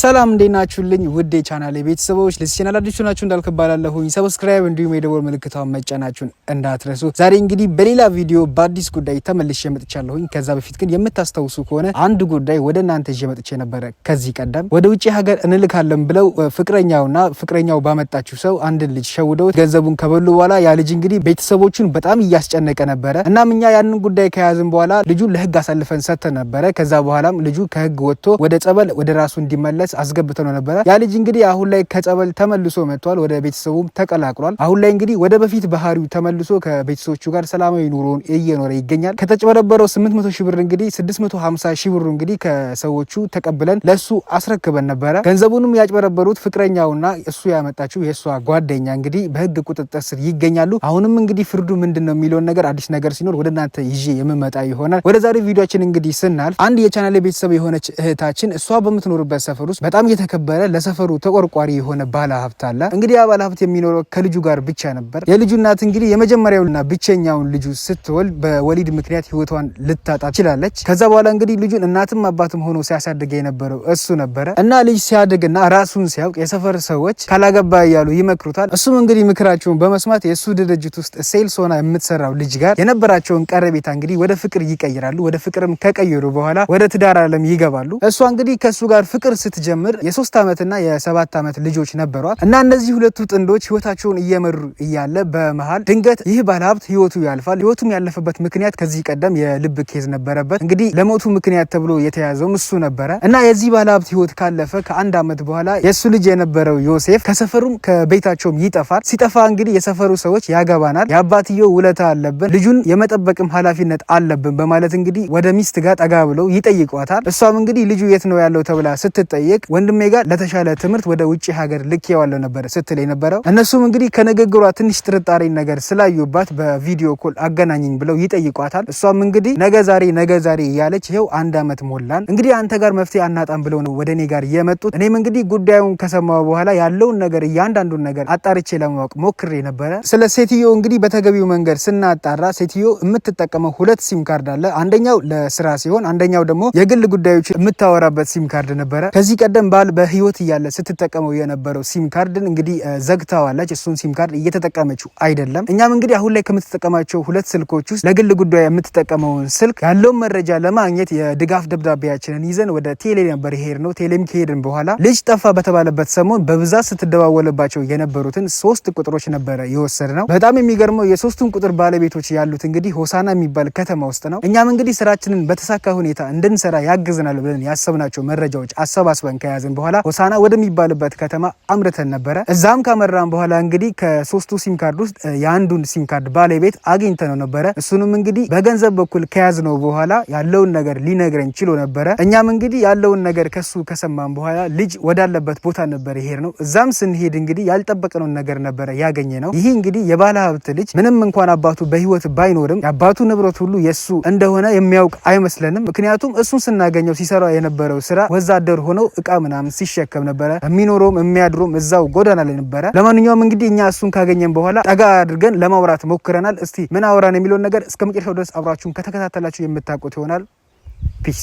ሰላም እንዴት ናችሁልኝ? ውድ የቻናል የቤተሰቦች ለዚህ ቻናል አዲሱ ናችሁ እንዳልክ እባላለሁኝ። ሰብስክራይብ እንዲሁም የደወል ምልክቷን መጫናችሁን እንዳትረሱ። ዛሬ እንግዲህ በሌላ ቪዲዮ በአዲስ ጉዳይ ተመልሼ መጥቻለሁኝ። ከዛ በፊት ግን የምታስታውሱ ከሆነ አንድ ጉዳይ ወደ እናንተ ይዤ መጥቼ ነበረ። ከዚህ ቀደም ወደ ውጭ ሀገር እንልካለን ብለው ፍቅረኛውና ፍቅረኛው ባመጣችሁ ሰው አንድን ልጅ ሸውደውት ገንዘቡን ከበሉ በኋላ ያ ልጅ እንግዲህ ቤተሰቦቹን በጣም እያስጨነቀ ነበረ። እናም እኛ ያንን ጉዳይ ከያዝን በኋላ ልጁን ለህግ አሳልፈን ሰጥተን ነበረ። ከዛ በኋላም ልጁ ከህግ ወጥቶ ወደ ጸበል ወደ ራሱ እንዲመለስ ድረስ ነው ነበረ። ያ ልጅ እንግዲህ አሁን ላይ ከጸበል ተመልሶ መጥቷል። ወደ ቤተሰቡም ተቀላቅሏል። አሁን ላይ እንግዲህ ወደ በፊት ባህሪው ተመልሶ ከቤተሰቦቹ ጋር ሰላማዊ ኑሮውን እየኖረ ይገኛል። ከተጭበረበረው 800 ሺ ብር እንግዲህ 650 ሺ ብሩ እንግዲህ ከሰዎቹ ተቀብለን ለሱ አስረክበን ነበረ። ገንዘቡንም ያጭበረበሩት ፍቅረኛውና እሱ ያመጣችው የእሷ ጓደኛ እንግዲህ በህግ ቁጥጥር ስር ይገኛሉ። አሁንም እንግዲህ ፍርዱ ምንድን ነው የሚለውን ነገር አዲስ ነገር ሲኖር ወደ እናንተ ይዤ የምመጣ ይሆናል። ወደ ዛሬ ቪዲዮችን እንግዲህ ስናልፍ አንድ የቻናል ቤተሰብ የሆነች እህታችን እሷ በምትኖርበት ሰፈር ውስጥ በጣም የተከበረ ለሰፈሩ ተቆርቋሪ የሆነ ባለ ሀብት አለ። እንግዲህ ያ ባለ ሀብት የሚኖረው ከልጁ ጋር ብቻ ነበር። የልጁ እናት እንግዲህ የመጀመሪያውና ብቸኛውን ልጁ ስትወልድ በወሊድ ምክንያት ህይወቷን ልታጣ ችላለች። ከዛ በኋላ እንግዲህ ልጁን እናትም አባትም ሆኖ ሲያሳድግ የነበረው እሱ ነበረ እና ልጅ ሲያድግና ራሱን ሲያውቅ የሰፈር ሰዎች ካላገባ እያሉ ይመክሩታል። እሱም እንግዲህ ምክራቸውን በመስማት የእሱ ድርጅት ውስጥ ሴልስ ሆና የምትሰራው ልጅ ጋር የነበራቸውን ቀረቤታ እንግዲህ ወደ ፍቅር ይቀይራሉ። ወደ ፍቅርም ከቀየሩ በኋላ ወደ ትዳር አለም ይገባሉ። እሷ እንግዲህ ከእሱ ጋር ፍቅር ስትጀ ስትጀምር የሶስት ዓመትና የሰባት ዓመት ልጆች ነበሯት እና እነዚህ ሁለቱ ጥንዶች ህይወታቸውን እየመሩ እያለ በመሀል ድንገት ይህ ባለሀብት ህይወቱ ያልፋል። ህይወቱም ያለፈበት ምክንያት ከዚህ ቀደም የልብ ኬዝ ነበረበት። እንግዲህ ለሞቱ ምክንያት ተብሎ የተያዘውም እሱ ነበረ እና የዚህ ባለሀብት ህይወት ካለፈ ከአንድ ዓመት በኋላ የእሱ ልጅ የነበረው ዮሴፍ ከሰፈሩም ከቤታቸውም ይጠፋል። ሲጠፋ እንግዲህ የሰፈሩ ሰዎች ያገባናል፣ የአባትየው ውለታ አለብን፣ ልጁን የመጠበቅም ኃላፊነት አለብን በማለት እንግዲህ ወደ ሚስት ጋር ጠጋ ብለው ይጠይቋታል። እሷም እንግዲህ ልጁ የት ነው ያለው ተብላ ስትጠየቅ ይልቅ ወንድሜ ጋር ለተሻለ ትምህርት ወደ ውጭ ሀገር ልኬዋለሁ ነበረ ስትል የነበረው። እነሱም እንግዲህ ከንግግሯ ትንሽ ጥርጣሬ ነገር ስላዩባት በቪዲዮ ኮል አገናኘኝ ብለው ይጠይቋታል። እሷም እንግዲህ ነገ ዛሬ ነገ ዛሬ እያለች ይኸው አንድ ዓመት ሞላን እንግዲህ አንተ ጋር መፍትሄ አናጣም ብለው ነው ወደ እኔ ጋር የመጡት። እኔም እንግዲህ ጉዳዩን ከሰማ በኋላ ያለውን ነገር እያንዳንዱን ነገር አጣርቼ ለማወቅ ሞክሬ ነበረ። ስለ ሴትዮ እንግዲህ በተገቢው መንገድ ስናጣራ ሴትዮ የምትጠቀመው ሁለት ሲም ካርድ አለ። አንደኛው ለስራ ሲሆን አንደኛው ደግሞ የግል ጉዳዮች የምታወራበት ሲም ካርድ ነበረ። ከዚህ ቀደም ባል በህይወት እያለ ስትጠቀመው የነበረው ሲም ካርድን እንግዲህ ዘግታዋለች። እሱን ሲም ካርድ እየተጠቀመችው አይደለም። እኛም እንግዲህ አሁን ላይ ከምትጠቀማቸው ሁለት ስልኮች ውስጥ ለግል ጉዳይ የምትጠቀመውን ስልክ ያለውን መረጃ ለማግኘት የድጋፍ ደብዳቤያችንን ይዘን ወደ ቴሌ ነበር የሄድ ነው። ቴሌም ከሄድን በኋላ ልጅ ጠፋ በተባለበት ሰሞን በብዛት ስትደዋወልባቸው የነበሩትን ሶስት ቁጥሮች ነበረ የወሰድ ነው። በጣም የሚገርመው የሶስቱን ቁጥር ባለቤቶች ያሉት እንግዲህ ሆሳና የሚባል ከተማ ውስጥ ነው። እኛም እንግዲህ ስራችንን በተሳካ ሁኔታ እንድንሰራ ያግዝናል ብለን ያሰብናቸው መረጃዎች አሰባስበ አጥብቀን ከያዝን በኋላ ሆሳና ወደሚባልበት ከተማ አምርተን ነበረ። እዛም ከመራን በኋላ እንግዲህ ከሶስቱ ሲም ካርድ ውስጥ የአንዱን ሲም ካርድ ባለቤት አግኝተነው ነበረ። እሱንም እንግዲህ በገንዘብ በኩል ከያዝነው በኋላ ያለውን ነገር ሊነግረን ችሎ ነበረ። እኛም እንግዲህ ያለውን ነገር ከሱ ከሰማን በኋላ ልጅ ወዳለበት ቦታ ነበር ይሄድ ነው። እዛም ስንሄድ እንግዲህ ያልጠበቅነውን ነገር ነበረ ያገኘ ነው። ይህ እንግዲህ የባለ ሀብት ልጅ ምንም እንኳን አባቱ በህይወት ባይኖርም የአባቱ ንብረት ሁሉ የእሱ እንደሆነ የሚያውቅ አይመስለንም። ምክንያቱም እሱን ስናገኘው ሲሰራ የነበረው ስራ ወዛደር ሆነው እቃ ምናምን ሲሸከም ነበረ። የሚኖረውም የሚያድሮም እዛው ጎዳና ላይ ነበረ። ለማንኛውም እንግዲህ እኛ እሱን ካገኘን በኋላ ጠጋ አድርገን ለማውራት ሞክረናል። እስቲ ምን አወራን የሚለውን ነገር እስከ መጨረሻው ድረስ አብራችሁን ከተከታተላችሁ የምታውቁት ይሆናል። ፒስ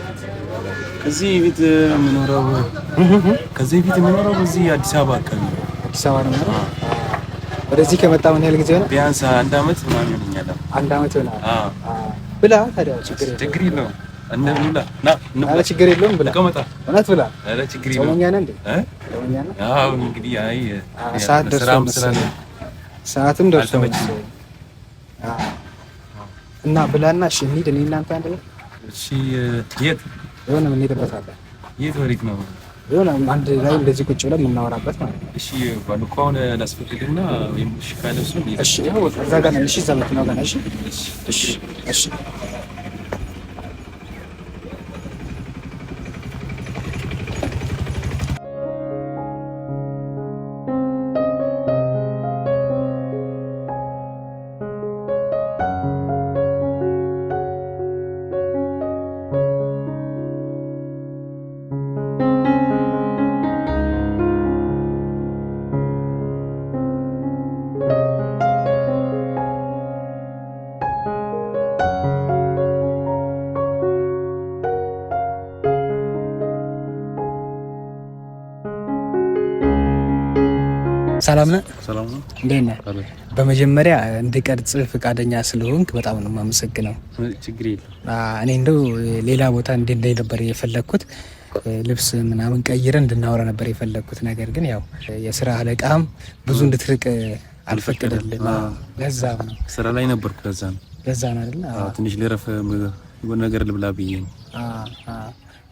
ከዚህ ቤት የምኖረው ከዚህ ቤት የምኖረው እዚህ አዲስ አበባ አካባቢ ነው። አዲስ አበባ ነው የምኖረው። ወደዚህ ከመጣ ምን ያህል ጊዜ ሆነ? ቢያንስ አንድ አመት ምናምን ይሆነኛል። አንድ አመት ይሆናል። ብላ ታዲያ ችግር ነው ኧረ ችግር የለውም ብላ እውነት ብላ ጾመኛ ነህ እንዴ? እንግዲህ አይ ሰዓት ደርሶ ሰዓትም ደርሶ እና ብላና እሺ እንሂድ እኔ እናንተ አንድ ነው። እሺ የት የሆነ የምንሄድበት አለ። የት ወዴት ነው? የሆነ አንድ ላይ እንደዚህ ቁጭ ብለን የምናወራበት ማለት ነው። እሺ ካለ እሺ፣ እሺ ሰላም ነህ? እንዴት ነህ? በመጀመሪያ እንድቀርጽ ፈቃደኛ ስለሆንክ በጣም ነው የማመሰግነው። እኔ እንደው ሌላ ቦታ እንድንሄድ ነበር የፈለግኩት ልብስ ምናምን ቀይረ እንድናወራ ነበር የፈለግኩት። ነገር ግን ያው የስራ አለቃም ብዙ እንድትርቅ አልፈቀደልም። ለዛ ነው ስራ ላይ ነበርኩ። ለዛ ነው ለዛ ነው አይደል? ትንሽ ልረፍ ነገር ልብላ ብዬ ነው።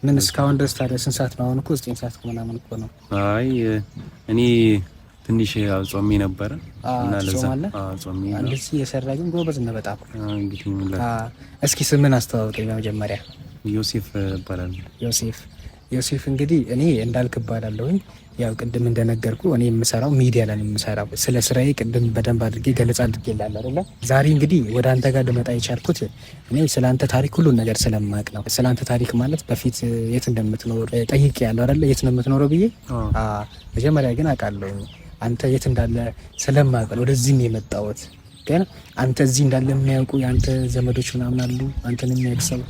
ምን እስካሁን ድረስ ታዲያ ስንት ሰዓት ነው? አሁን እኮ ዘጠኝ ሰዓት ምናምን እኮ ነው። አይ እኔ ትንሽ ጾሜ ነበረ እና ለዛ ጾሜ እንደዚህ ግን ጎበዝ ነው በጣም እንግዲህ ምን እስኪ ስምን አስተዋውቀኝ በመጀመሪያ ዮሴፍ እባላለሁ ዮሴፍ ዮሴፍ እንግዲህ እኔ እንዳልክ እባላለሁኝ ያው ቅድም እንደነገርኩ እኔ የምሰራው ሚዲያ ላይ ነው የምሰራው ስለ ስራዬ ቅድም በደንብ አድርጌ ገለጻ ላለ አይደለ ዛሬ እንግዲህ ወደ አንተ ጋር ልመጣ የቻልኩት እኔ ስለ አንተ ታሪክ ሁሉን ነገር ስለማቅ ነው ስለ አንተ ታሪክ ማለት በፊት የት እንደምትኖር ጠይቄ ያለው አይደለ የት ነው የምትኖረው ብዬ መጀመሪያ ግን አውቃለሁ አንተ የት እንዳለ ስለማውቅ ነው ወደዚህም የመጣሁት። ግን አንተ እዚህ እንዳለ የሚያውቁ የአንተ ዘመዶች ምናምን አሉ? አንተን የሚያውቅ ሰው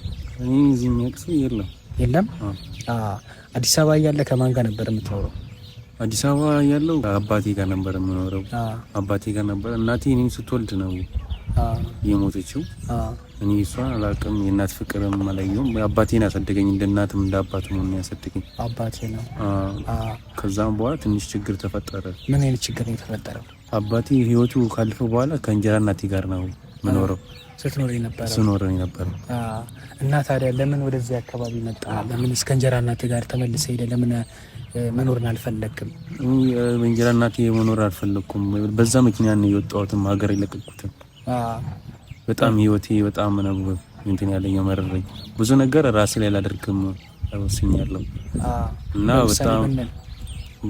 የለም? የለም። አዲስ አበባ እያለ ከማን ጋር ነበር የምትኖረው? አዲስ አበባ ያለው አባቴ ጋር ነበር የምኖረው። አባቴ ጋር ነበር። እናቴ እኔን ስትወልድ ነው የሞተችው። እኔ እሷን አላውቅም። የእናት ፍቅርም አላየሁም። አባቴን ያሳደገኝ እንደ እናትም እንደ አባትም ሆኖ ያሳደገኝ አባቴ ነው። ከዛም በኋላ ትንሽ ችግር ተፈጠረ። ምን አይነት ችግር ነው የተፈጠረው? አባቴ ህይወቱ ካለፈ በኋላ ከእንጀራ እናቴ ጋር ነው ምኖረው ስትኖር ነበር እና ታዲያ ለምን ወደዚህ አካባቢ መጣ? ለምን እስከ እንጀራ እናቴ ጋር ተመልሰ ሄደ? ለምን መኖርን አልፈለግም? እንጀራ እናቴ መኖር አልፈለግኩም። በዛ መኪና ነው የወጣሁትም ሀገር የለቀቁትም በጣም ህይወቴ በጣም ነው እንትን ያለኝ መረረኝ። ብዙ ነገር ራሴ ላይ ላደርግም ወስኛለሁ እና በጣም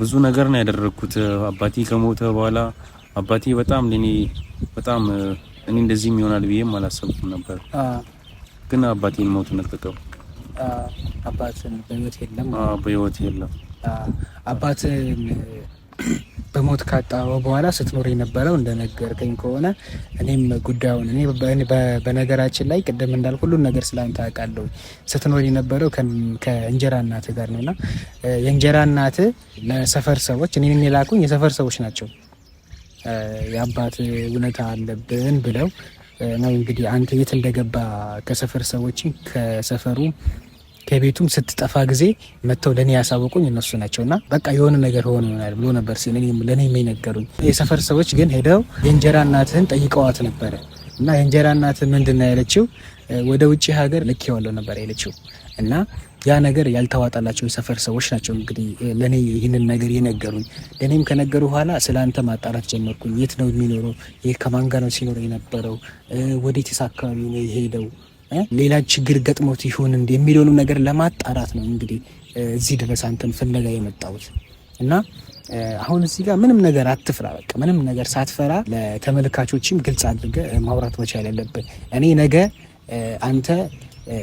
ብዙ ነገር ነው ያደረግኩት። አባቴ ከሞተ በኋላ አባቴ በጣም ለኔ በጣም እኔ እንደዚህ ይሆናል ብዬም አላሰብኩም ነበር። ግን አባቴን ሞት ነጥቀው አባቴን በህይወት የለም በህይወት የለም አባትን በሞት ካጣ በኋላ ስትኖር የነበረው እንደነገርከኝ ከሆነ እኔም ጉዳዩን እኔ በነገራችን ላይ ቅድም እንዳልኩ ሁሉን ነገር ስላንተ አውቃለሁ። ስትኖር የነበረው ከእንጀራ እናት ጋር ነውና የእንጀራ እናት ለሰፈር ሰዎች እኔን የሚላኩኝ የሰፈር ሰዎች ናቸው። የአባት እውነታ አለብን ብለው ነው እንግዲህ አንተ የት እንደገባ ከሰፈር ሰዎች ከሰፈሩ ከቤቱም ስትጠፋ ጊዜ መጥተው ለእኔ ያሳወቁኝ እነሱ ናቸው እና በቃ የሆነ ነገር ሆነ ይሆናል ብሎ ነበር ለእኔ የሚነገሩኝ። የሰፈር ሰዎች ግን ሄደው የእንጀራ እናትህን ጠይቀዋት ነበረ እና የእንጀራ እናት ምንድን ነው ያለችው? ወደ ውጭ ሀገር ልኬዋለሁ ነበር ያለችው እና ያ ነገር ያልተዋጣላቸው የሰፈር ሰዎች ናቸው እንግዲህ ለእኔ ይህንን ነገር የነገሩኝ። ለእኔም ከነገሩ በኋላ ስለ አንተ ማጣራት ጀመርኩኝ። የት ነው የሚኖረው? ከማን ጋር ነው ሲኖረው የነበረው? ወዴትስ አካባቢ ነው የሄደው ሌላ ችግር ገጥሞት ይሁን እንዲ የሚለውንም ነገር ለማጣራት ነው እንግዲህ እዚህ ድረስ አንተን ፍለጋ የመጣሁት እና አሁን እዚህ ጋር ምንም ነገር አትፍራ። በቃ ምንም ነገር ሳትፈራ ለተመልካቾችም ግልጽ አድርገ ማውራት መቻል ያለብን እኔ ነገ አንተ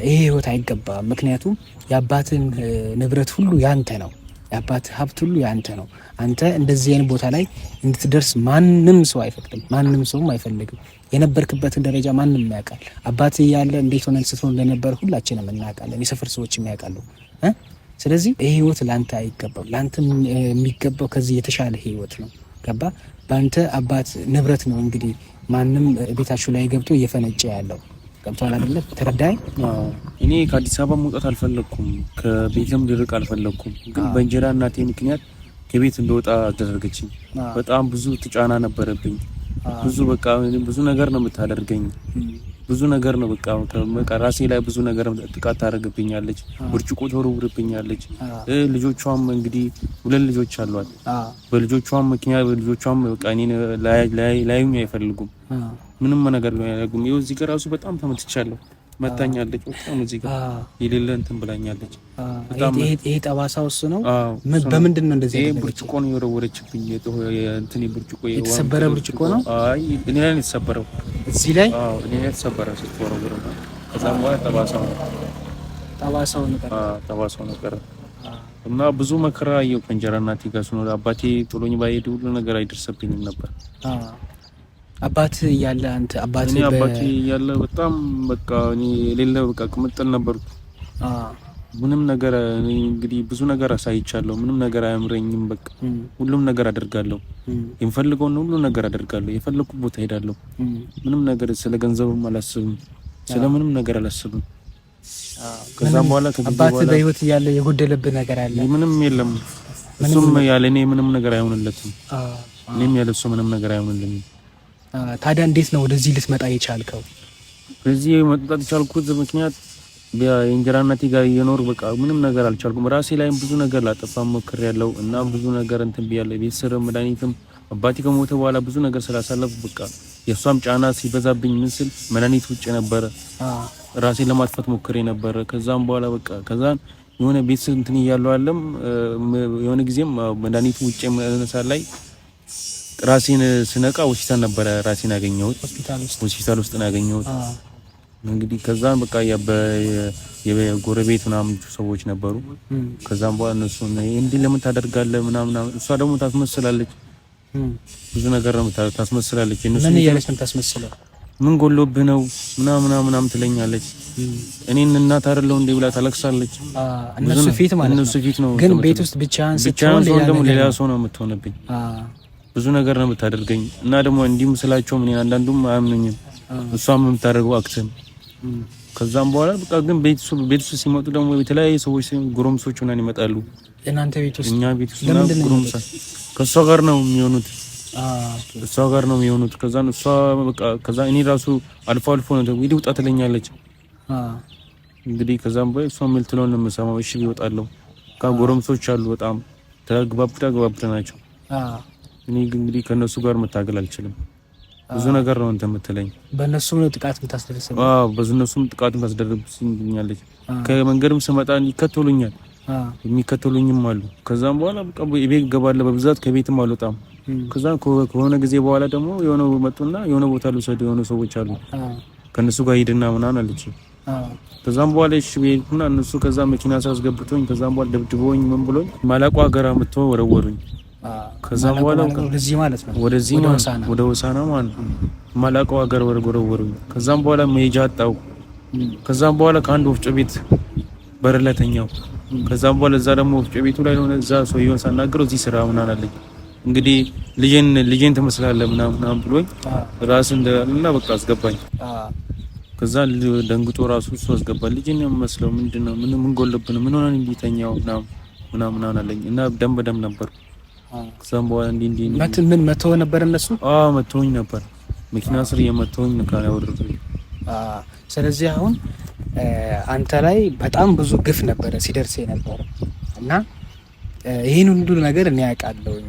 ይሄ ህይወት አይገባም። ምክንያቱም የአባትን ንብረት ሁሉ ያንተ ነው። የአባት ሀብት ሁሉ ያንተ ነው። አንተ እንደዚህ አይነት ቦታ ላይ እንድትደርስ ማንም ሰው አይፈቅድም። ማንም ሰውም አይፈልግም። የነበርክበትን ደረጃ ማንም ያውቃል። አባት ያለ እንዴት ሆነን ስትሆን እንደነበር ሁላችንም እናውቃለን። የሰፈር ሰዎችም ያውቃሉ። ስለዚህ ይህ ህይወት ለአንተ አይገባም። ለአንተ የሚገባው ከዚህ የተሻለ ህይወት ነው። ገባ? በአንተ አባት ንብረት ነው እንግዲህ ማንም ቤታችሁ ላይ ገብቶ እየፈነጨ ያለው ገብቷል አይደለ? ተረዳኝ። እኔ ከአዲስ አበባ መውጣት አልፈለግኩም፣ ከቤትም ልርቅ አልፈለግኩም። ግን በእንጀራ እናቴ ምክንያት ከቤት እንደወጣ አደረገችኝ። በጣም ብዙ ጫና ነበረብኝ። ብዙ በቃ ብዙ ነገር ነው የምታደርገኝ ብዙ ነገር ነው በቃ በቃ ራሴ ላይ ብዙ ነገር ጥቃት ታደርግብኛለች፣ ብርጭቆ ተወርውርብኛለች። ልጆቿም እንግዲህ ሁለት ልጆች አሏት። በልጆቿም ምክንያት በልጆቿም በቃ እኔን ላይ አይፈልጉም፣ ምንም ነገር አያደርጉም። ይኸው እዚህ ጋር ራሱ በጣም ተመትቻለሁ። መታኛለች። በጣም እዚህ ጋር የሌለ እንትን ብላኛለች። ይሄ ጠባሳ ውስጥ ነው። በምንድን ነው እንደዚህ? ይሄ ብርጭቆ ነው የወረወረችብኝ። እንትን ብርጭቆ የተሰበረ ብርጭቆ ነው። አይ እኔ ላይ ነው የተሰበረው፣ እዚህ ላይ እኔ ላይ የተሰበረ ስትወረውር ነው። ከዛም በኋላ ጠባሳው ነው ጠባሳው ነው ቀረ፣ ጠባሳው ነው ቀረ። እና ብዙ መከራ የው ከእንጀራ እናቴ ጋር ስኖር አባቴ ጥሎኝ ባይሄድ ሁሉ ነገር አይደርሰብኝም ነበር። አባት እያለ አንተ አባት እኔ አባቴ እያለ በጣም በቃ እኔ ሌለ በቃ ቅምጥል ነበርኩ። ምንም ነገር እንግዲህ ብዙ ነገር አሳይቻለሁ። ምንም ነገር አያምረኝም። በቃ ሁሉም ነገር አደርጋለሁ። የምፈልገውን ሁሉ ነገር አደርጋለሁ። የፈለኩ ቦታ ሄዳለሁ። ምንም ነገር ስለ ገንዘብም አላስብም፣ ስለ ምንም ነገር አላስብም። ከዛም በኋላ አባት በህይወት እያለ የጎደለብህ ነገር አለ? ምንም የለም። እሱም ያለ እኔ ምንም ነገር አይሆንለትም፣ እኔም ያለ እሱ ምንም ነገር አይሆንልኝም። ታዲያ እንዴት ነው ወደዚህ ልትመጣ የቻልከው? እዚህ መጣት የቻልኩት ምክንያት የእንጀራ እናቴ ጋር እየኖር በቃ ምንም ነገር አልቻልኩም። ራሴ ላይም ብዙ ነገር ላጠፋ ሞክር ያለው እና ብዙ ነገር እንትን ብያለ ቤተሰብ ስር መድኃኒትም አባቴ ከሞተ በኋላ ብዙ ነገር ስላሳለፍ በቃ የእሷም ጫና ሲበዛብኝ ምስል ስል መድኃኒት ውጭ ነበረ። ራሴን ለማጥፋት ሞክሬ ነበረ። ከዛም በኋላ በቃ ከዛን የሆነ ቤተሰብ እንትን እያለሁ አለም የሆነ ጊዜም መድኃኒቱ ውጭ መነሳት ላይ ራሴን ስነቃ ሆስፒታል ነበረ ራሴን ያገኘሁት ሆስፒታል ውስጥ ነው ያገኘሁት። እንግዲህ ከዛም በቃ የጎረቤት ምናምን ሰዎች ነበሩ። ከዛም በኋላ እነሱ እንዲህ ለምን ታደርጋለህ ምናምን፣ እሷ ደግሞ ታስመስላለች፣ ብዙ ነገር ታስመስላለች። ምን እያለች ነው ታስመስለው? ምን ጎሎብህ ነው ምናምን ምናምን ትለኛለች። እኔን እናት አይደለሁ እንዴ ብላ ታለቅሳለች። እነሱ ፊት ማለት ነው። እነሱ ፊት ነው። ግን ቤት ውስጥ ብቻህን ስትሆን ደግሞ ሌላ ሰው ነው የምትሆንብኝ ብዙ ነገር ነው የምታደርገኝ እና ደግሞ እንዲህም ስላቸው ምን አንዳንዱም አያምኑኝም እሷም የምታደርገው አክትን ከዛም በኋላ በቃ ግን ቤተሱ ሲመጡ ደግሞ የተለያዩ ሰዎች ጎረምሶች ሆነን ይመጣሉ። እናንተ ቤት ውስጥ እኛ ቤት ውስጥ ጎረምሳ ከእሷ ጋር ነው የሚሆኑት እሷ ጋር ነው የሚሆኑት። ከዛ እሷ በቃ ከዛ እኔ ራሱ አልፎ አልፎ ነው ደግሞ ይዲ ውጣ ትለኛለች። እንግዲህ ከዛም በኋላ እሷ ምን ትለውን ነው የምሰማው። እሺ ይወጣለሁ። ጎረምሶች አሉ በጣም ተግባብታ ግባብታ ናቸው። እኔ እንግዲህ ከነሱ ጋር መታገል አልችልም። ብዙ ነገር ነው እንትን የምትለኝ። በእነሱ ነው ጥቃት የምታስደርሰኝ። አዎ በእነሱም ጥቃት የምታስደርሰኛለች። ከመንገድም ስመጣ ይከተሉኛል፣ የሚከተሉኝም አሉ። ከዛም በኋላ በቃ ቤት ገባለ በብዛት ከቤትም አልወጣም። ከዛ ከሆነ ጊዜ በኋላ ደግሞ የሆነ መጡና የሆነ ቦታ ልውሰድ የሆነ ሰዎች አሉ ከነሱ ጋር ሂድና ምናምን አለች። ከዛም በኋላ እሺ ቤትና እነሱ ከዛ መኪና ሳስገብቶኝ ከዛም በኋላ ደብድቦኝ ምን ብሎኝ ማላቋ ሀገር አምጥቶ ወረወሩኝ። ከዛም በኋላ ወደዚህ ማለት ነው ወደዚህ ወደ ሆሳና ማለት ነው ማላውቀው ሀገር ወረወረኝ። ከዛም በኋላ መሄጃ አጣው። ከዛም በኋላ ከአንድ ወፍጮ ቤት በር ላይ ከዛም በኋላ እዛ ደግሞ ወፍጮ ቤቱ ላይ ሆነ እዛ ሰውዬውን ሳናገረው እዚህ ስራ ምናምን አለኝ እንግዲህ ልጄን ልጄን ትመስላለህ ምናምን ብሎኝ ራስ እና በቃ አስገባኝ። ከዛ ደንግጦ ራሱ እሱ አስገባ ልጄን የምመስለው ምንድን ነው? ምን ምን ጎለብን? ምን ሆነን እንዲተኛው ምናምን ምናምን አለኝ እና ደም በደም ነበር ከዛም በኋላ እንዲህ እንዲህ እንዲህ ምን መተው ነበር እነሱ አዎ መተውኝ ነበር መኪና ስር የመተውኝ ነካላ ወርዱ ስለዚህ አሁን አንተ ላይ በጣም ብዙ ግፍ ነበረ ሲደርስ የነበረ እና ይህን ሁሉ ነገር እኔ ያውቃለሁኝ።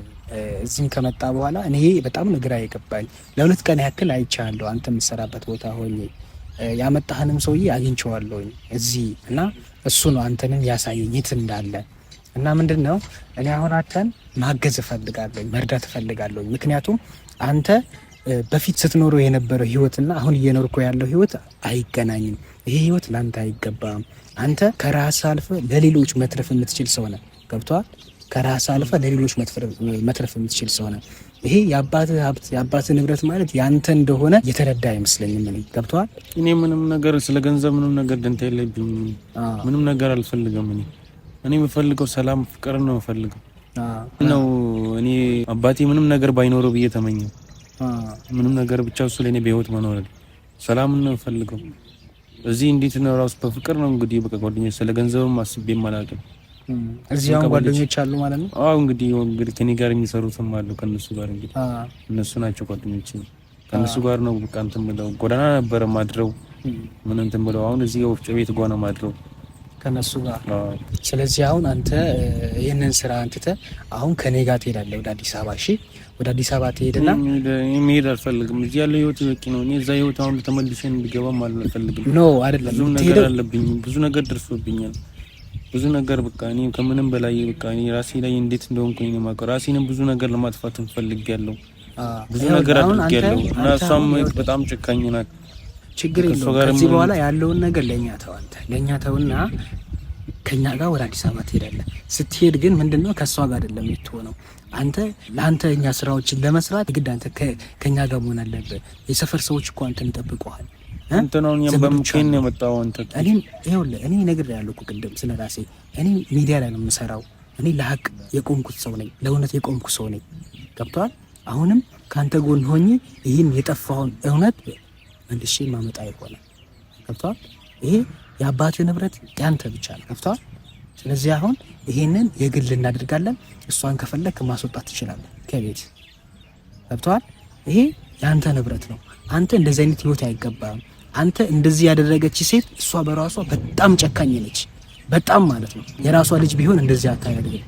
እዚህም ከመጣ በኋላ እኔ በጣም ግራ የገባኝ ለሁለት ቀን ያክል አይቻለሁ። አንተ የምትሰራበት ቦታ ሆኜ ያመጣህንም ሰውዬ አግኝቼዋለሁኝ እዚህ እና እሱ ነው አንተንም ያሳየኝ የት እንዳለ እና ምንድን ነው እኔ አሁን አንተን ማገዝ እፈልጋለሁ፣ መርዳት እፈልጋለሁ። ምክንያቱም አንተ በፊት ስትኖረው የነበረው ህይወትና አሁን እየኖርኩ ያለው ህይወት አይገናኝም። ይሄ ህይወት ለአንተ አይገባም። አንተ ከራስ አልፈ ለሌሎች መትረፍ የምትችል ሰው ነህ። ከራስ አልፈ ለሌሎች መትረፍ የምትችል ሰው ነህ። ይሄ የአባት ሀብት የአባት ንብረት ማለት ያንተ እንደሆነ የተረዳ አይመስለኝም። እኔ ገብቶሃል? እኔ ምንም ነገር ስለ ገንዘብ ምንም ነገር ደንታ የለብኝ። ምንም ነገር አልፈልገም እኔ እኔ የምፈልገው ሰላም ፍቅር ነው የምፈልገው ነው። እኔ አባቴ ምንም ነገር ባይኖረው ብዬ ተመኘው። ምንም ነገር ብቻ እሱ ለእኔ በህይወት መኖር ሰላም ነው የምፈልገው። እዚህ እንዴት ነው ራሱ በፍቅር ነው እንግዲህ በቃ ጓደኞች ስለ ገንዘብም አስቤም አላውቅም። እዚህ አሁን ጓደኞች አሉ ማለት ነው። አዎ እንግዲህ እንግዲህ ከኔ ጋር የሚሰሩትም አሉ ከነሱ ጋር እንግዲህ እነሱ ናቸው ጓደኞች። ከነሱ ጋር ነው በቃ እንትን ብለው ጎዳና ነበረ ማድረው ምን እንትን ብለው አሁን እዚህ ወፍጮ ቤት ጎነ ማድረው ከነሱ ጋር። ስለዚህ አሁን አንተ ይህንን ስራ አንትተ አሁን ከኔ ጋር ትሄዳለህ ወደ አዲስ አበባ። እሺ፣ ወደ አዲስ አበባ ትሄድና መሄድ አልፈልግም። እዚህ ያለው ህይወት በቂ ነው። እኔ እዛ ህይወት አሁን ተመልሼን እንድገባ ማለት አልፈልግም። ኖ አይደለም፣ ብዙ ነገር አለብኝ፣ ብዙ ነገር ደርሶብኛል። ብዙ ነገር በቃ እኔ ከምንም በላይ በቃ እኔ ራሴ ላይ እንዴት እንደሆንኩኝ ነው የማውቀው። ራሴንም ብዙ ነገር ለማጥፋት እንፈልግ ያለው ብዙ ነገር አድርግ ያለው እና እሷም በጣም ጨካኝ ናት። ችግር የለውም። ከዚህ በኋላ ያለውን ነገር ለእኛ ተዋንተ ለእኛ ተውና ከእኛ ጋር ወደ አዲስ አበባ ትሄዳለህ። ስትሄድ ግን ምንድነው ከእሷ ጋር አይደለም የምትሆነው። አንተ ለአንተ እኛ ስራዎችን ለመስራት ግድ አንተ ከእኛ ጋር መሆን አለብህ። የሰፈር ሰዎች እኮ አንተን ይጠብቁሃል። እኔ ነገር ያለው እኮ ቅድም ስለ ራሴ እኔ ሚዲያ ላይ ነው የምሰራው። እኔ ለሀቅ የቆምኩት ሰው ነኝ። ለእውነት የቆምኩ ሰው ነኝ። ገብተዋል። አሁንም ከአንተ ጎን ሆኜ ይህን የጠፋውን እውነት መልሼ ማመጣ ይሆናል። ገብቷል? ይሄ የአባት ንብረት ያንተ ብቻ ነው። ገብቷል? ስለዚህ አሁን ይሄንን የግል እናደርጋለን። እሷን ከፈለክ ማስወጣት ትችላለህ ከቤት ገብቷል? ይሄ የአንተ ንብረት ነው። አንተ እንደዚህ አይነት ህይወት አይገባም። አንተ እንደዚህ ያደረገች ሴት እሷ በራሷ በጣም ጨካኝ ነች። በጣም ማለት ነው። የራሷ ልጅ ቢሆን እንደዚህ አታደርግም።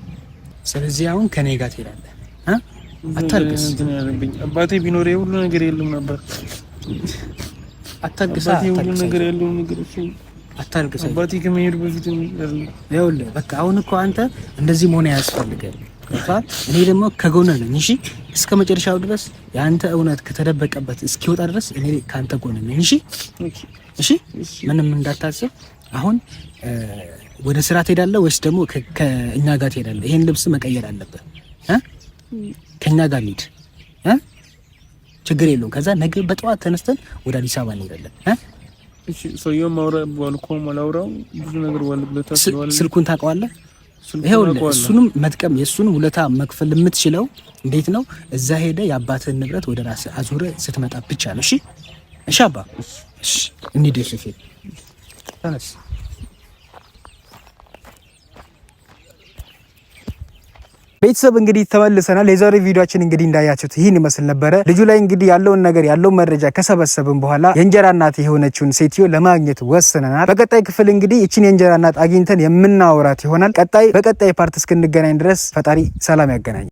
ስለዚህ አሁን ከኔ ጋር ትሄዳለህ። አታልቅስ። አባቴ ቢኖር የሁሉ ነገር የለም ነበር አታግሳ በቃ አሁን እኮ አንተ እንደዚህ መሆን ያስፈልጋል። እኔ ደግሞ ከጎን ነኝ። እሺ፣ እስከ መጨረሻው ድረስ የአንተ እውነት ከተደበቀበት እስኪወጣ ድረስ እኔ ከአንተ ጎንህ ነኝ። እሺ፣ እሺ፣ ምንም እንዳታስብ። አሁን ወደ ስራ ትሄዳለህ ወይስ ደግሞ ከእኛ ጋር ትሄዳለህ? ይሄን ልብስ መቀየር አለብህ። ከእኛ ጋር ልሂድ ችግር የለውም። ከዛ ነገ በጠዋት ተነስተን ወደ አዲስ አበባ እንሄዳለን። እሺ ሰውዬው ብዙ ነገር ስልኩን ታውቀዋለህ። ይኸውልህ እሱንም መጥቀም የእሱንም ውለታ መክፈል የምትችለው እንዴት ነው? እዛ ሄደ የአባትህን ንብረት ወደ ራስ አዙረ ስትመጣ ብቻ ነው። እሺ እሺ አባ እሺ እንሂድ። ቤተሰብ እንግዲህ ተመልሰናል። የዛሬ ቪዲዮችን እንግዲህ እንዳያችሁት ይህን ይመስል ነበረ። ልጁ ላይ እንግዲህ ያለውን ነገር ያለውን መረጃ ከሰበሰብን በኋላ የእንጀራ እናት የሆነችውን ሴትዮ ለማግኘት ወስነናል። በቀጣይ ክፍል እንግዲህ ይችን የእንጀራ እናት አግኝተን የምናወራት ይሆናል። ቀጣይ በቀጣይ ፓርት እስክንገናኝ ድረስ ፈጣሪ ሰላም ያገናኝ።